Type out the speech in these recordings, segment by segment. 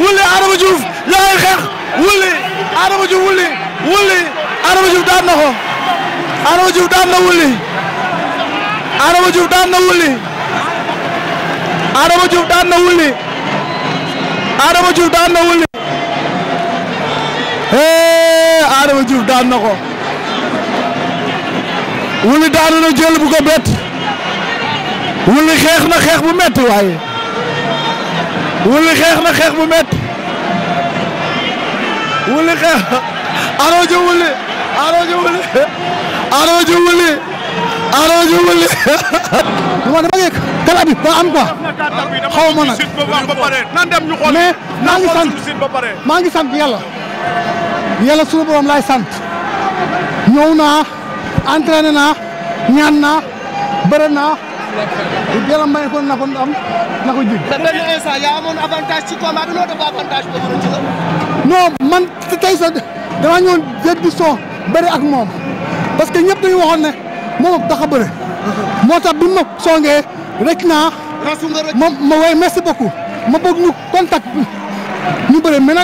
wuli Adama Diouf ñooy xeex wuli Adama Diouf wuli wuli Adama Diouf daan na ko Adama Diouf daan na wuli Adama Diouf daan na wuli Adama Diouf daan daan na wuli hee daan na ko wuli daanu na jël bu xeex na xeex bu metti waaye wuli xeex na xeex bu met wuli xeex aroojo wuli aroojo wuli aroojo wuli aroojo wuli dama dama yëg kala bi am quoi xaw ma nag mais maa ngi sant maa ngi sant yàlla yàlla sunu borom laay sant ñëw naa entraîné naa yàlla may kon na ko na ko jig. mais benn instant yaa amoon avantage ci combat bi loo def avantage ak moom parce que ñëpp dañu waxoon ne moom dafa bëri. moo tax bi ma songee rek naa. rasu nga rek ma ma waaye bëgg ñu contact ñu bëri mais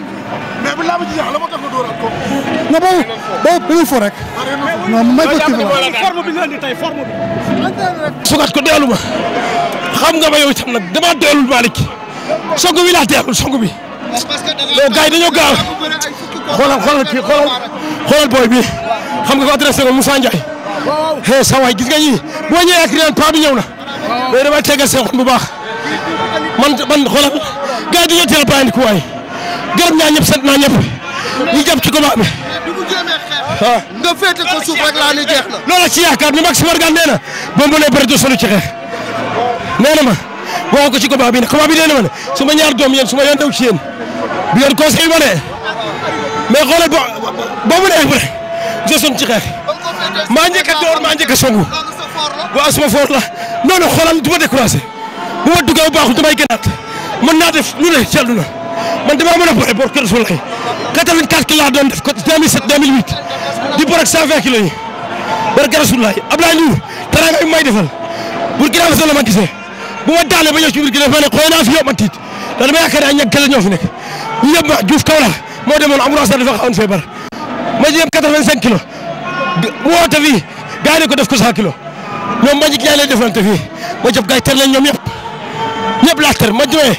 mais bu laabu ji jeex la moo tax nga door ak kooku. non boobu boobu dañuy ko forme bi nga andi tey forme bi. sukat ko nga ma yow itam nag dama booy bi xam nga ko adressé ko Moussa Ndiaye. he sa waay gis nga ñii boo ak réew paa bi ñëw na. mais damay tegal seen bu baax man man xoolal gars yi dañoo teel a bàyyi gërëm naa ñëpp sant naa ñëpp ñu jàpp ci combat bi. Ah. nga féete ko suuf rek laa ni jeex na. loolu ci yaakaar nee na moom bu lay bëri du solu ci xeex nee ma waxu ko ci combat bi ne bi nee ma ne su ma ñaar doom yéen su ma yoon daw ci yéen bi yoon conseil ma ne mais xoolal boo boo mënee bu ci xeex maa njëkk a door maa njëkk a songu waaw suma foor la non non xoolal du ma découragé bu ma duggee bu gënaat mën naa def lu ne ci àdduna man damaa mën a bëre boor kër Souley 84 kilos laa doon def ko 2007 2008 di boor ak 120 kilos yi boor kër Souley Abdoulaye Ndour teraanga yu may defal Burkina Faso ma gisee bu ma daale ma tiit ndax dama yaakaar ne ay ñàkk la ñoo fi nekk ñu yëpp ma Diouf Kaolack moo demoon ambulance feebar ma ci yem 85 kilos mu woote ko def ko 100 kilo ñoom ma njëkk yaa ngi lay defalante fii ma jëm gars leen ñoom ñëpp ñëpp ma ñëwee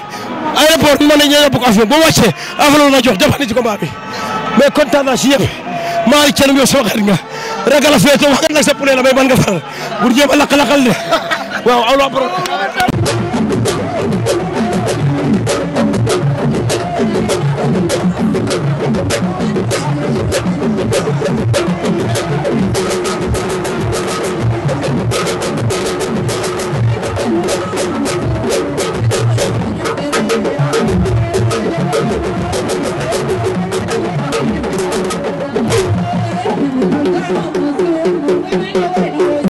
aéroport mën nañu yóbbu ko avion bu wàccee avion la jox jàppale ci combat bi mais kontaan naa ci yëpp maa ngi cëram yow sama xarit nga ragal a féetoo wax nga nag sa poulet la mais ban nga faral bu jéem a lakk-lakkal de waaw aw la